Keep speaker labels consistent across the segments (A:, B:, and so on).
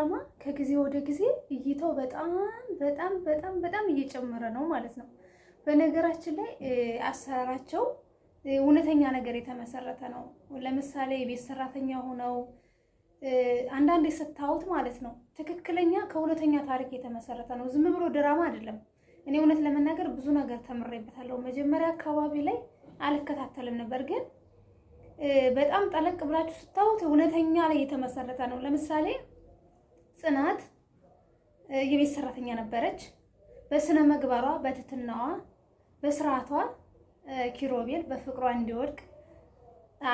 A: ድራማ ከጊዜ ወደ ጊዜ እይታው በጣም በጣም በጣም በጣም እየጨመረ ነው ማለት ነው። በነገራችን ላይ አሰራራቸው እውነተኛ ነገር የተመሰረተ ነው። ለምሳሌ የቤት ሰራተኛ ሆነው አንዳንዴ ስታዩት ማለት ነው ትክክለኛ ከእውነተኛ ታሪክ የተመሰረተ ነው። ዝም ብሎ ድራማ አይደለም። እኔ እውነት ለመናገር ብዙ ነገር ተምሬበታለሁ። መጀመሪያ አካባቢ ላይ አልከታተልም ነበር፣ ግን በጣም ጠለቅ ብላችሁ ስታዩት እውነተኛ ላይ የተመሰረተ ነው። ለምሳሌ ጽናት የቤት ሰራተኛ ነበረች። በስነ ምግባሯ፣ በትትናዋ፣ በስርዓቷ ኪሮቤል በፍቅሯ እንዲወድቅ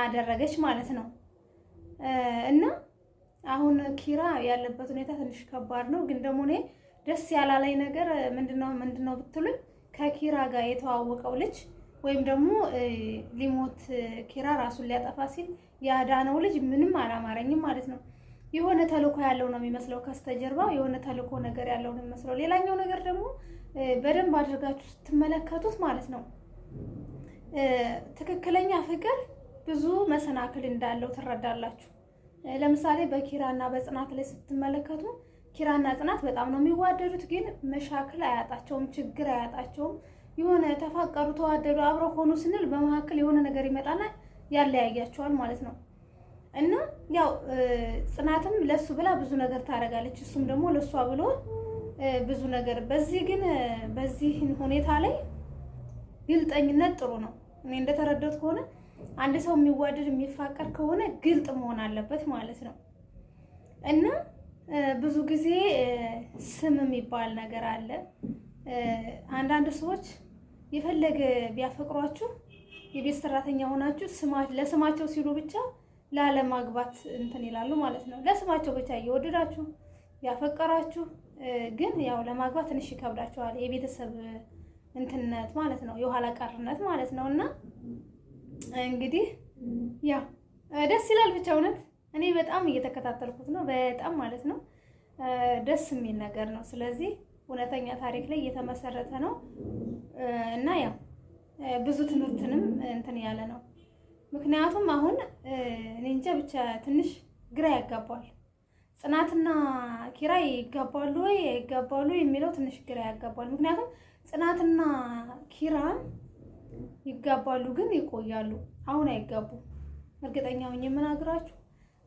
A: አደረገች ማለት ነው። እና አሁን ኪራ ያለበት ሁኔታ ትንሽ ከባድ ነው። ግን ደግሞ እኔ ደስ ያላላይ ነገር ምንድነው ምንድነው ብትሉኝ ከኪራ ጋር የተዋወቀው ልጅ ወይም ደግሞ ሊሞት ኪራ ራሱን ሊያጠፋ ሲል ያዳነው ልጅ ምንም አላማረኝም ማለት ነው። የሆነ ተልእኮ ያለው ነው የሚመስለው። ከስተጀርባ የሆነ ተልእኮ ነገር ያለው ነው የሚመስለው። ሌላኛው ነገር ደግሞ በደንብ አድርጋችሁ ስትመለከቱት ማለት ነው ትክክለኛ ፍቅር ብዙ መሰናክል እንዳለው ትረዳላችሁ። ለምሳሌ በኪራና በጽናት ላይ ስትመለከቱ ኪራና ጽናት በጣም ነው የሚዋደዱት፣ ግን መሻክል አያጣቸውም፣ ችግር አያጣቸውም። የሆነ ተፋቀሩ፣ ተዋደዱ፣ አብረው ሆኑ ስንል በመካከል የሆነ ነገር ይመጣና ያለያያቸዋል ማለት ነው። እና ያው ጽናትም ለሱ ብላ ብዙ ነገር ታደርጋለች። እሱም ደግሞ ለሷ ብሎ ብዙ ነገር በዚህ ግን በዚህ ሁኔታ ላይ ግልጠኝነት ጥሩ ነው። እኔ እንደተረዳሁት ከሆነ አንድ ሰው የሚዋደድ የሚፋቀር ከሆነ ግልጥ መሆን አለበት ማለት ነው እና ብዙ ጊዜ ስም የሚባል ነገር አለ። አንዳንድ ሰዎች የፈለገ ቢያፈቅሯችሁ የቤት ሰራተኛ ሆናችሁ ለስማቸው ሲሉ ብቻ ላለማግባት እንትን ይላሉ ማለት ነው። ለስማቸው ብቻ እየወደዳችሁ ያፈቀራችሁ ግን ያው ለማግባት ትንሽ ይከብዳችኋል። የቤተሰብ እንትነት ማለት ነው፣ የኋላ ቀርነት ማለት ነው። እና እንግዲህ ያው ደስ ይላል ብቻ እውነት እኔ በጣም እየተከታተልኩት ነው፣ በጣም ማለት ነው። ደስ የሚል ነገር ነው። ስለዚህ እውነተኛ ታሪክ ላይ እየተመሰረተ ነው እና ያው ብዙ ትምህርትንም እንትን ያለ ነው። ምክንያቱም አሁን እኔ እንጃ ብቻ ትንሽ ግራ ያጋባል። ጽናትና ኪራ ይጋባሉ ወይ አይጋባሉ የሚለው ትንሽ ግራ ያጋባል። ምክንያቱም ጽናትና ኪራ ይጋባሉ ግን ይቆያሉ። አሁን አይጋቡም። እርግጠኛ ሆኜ የምናግራችሁ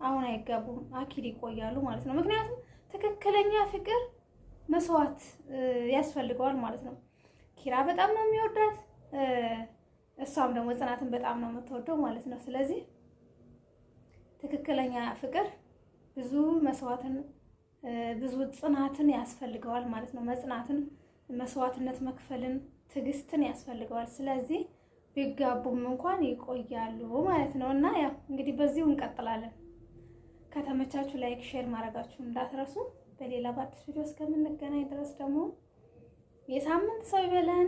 A: አሁን አይጋቡም። አኪድ ይቆያሉ ማለት ነው። ምክንያቱም ትክክለኛ ፍቅር መስዋዕት ያስፈልገዋል ማለት ነው። ኪራ በጣም ነው የሚወዳት እሷም ደግሞ ጽናትን በጣም ነው የምትወደው ማለት ነው። ስለዚህ ትክክለኛ ፍቅር ብዙ መስዋዕትን ብዙ ጽናትን ያስፈልገዋል ማለት ነው። መጽናትን፣ መስዋዕትነት መክፈልን፣ ትዕግስትን ያስፈልገዋል። ስለዚህ ቢጋቡም እንኳን ይቆያሉ ማለት ነው እና ያው እንግዲህ በዚሁ እንቀጥላለን። ከተመቻቹ ላይክ፣ ሼር ማድረጋችሁ እንዳትረሱ። በሌላ በአዲስ ቪዲዮ እስከምንገናኝ ድረስ ደግሞ የሳምንት ሰው ይበለን።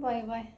A: bye bye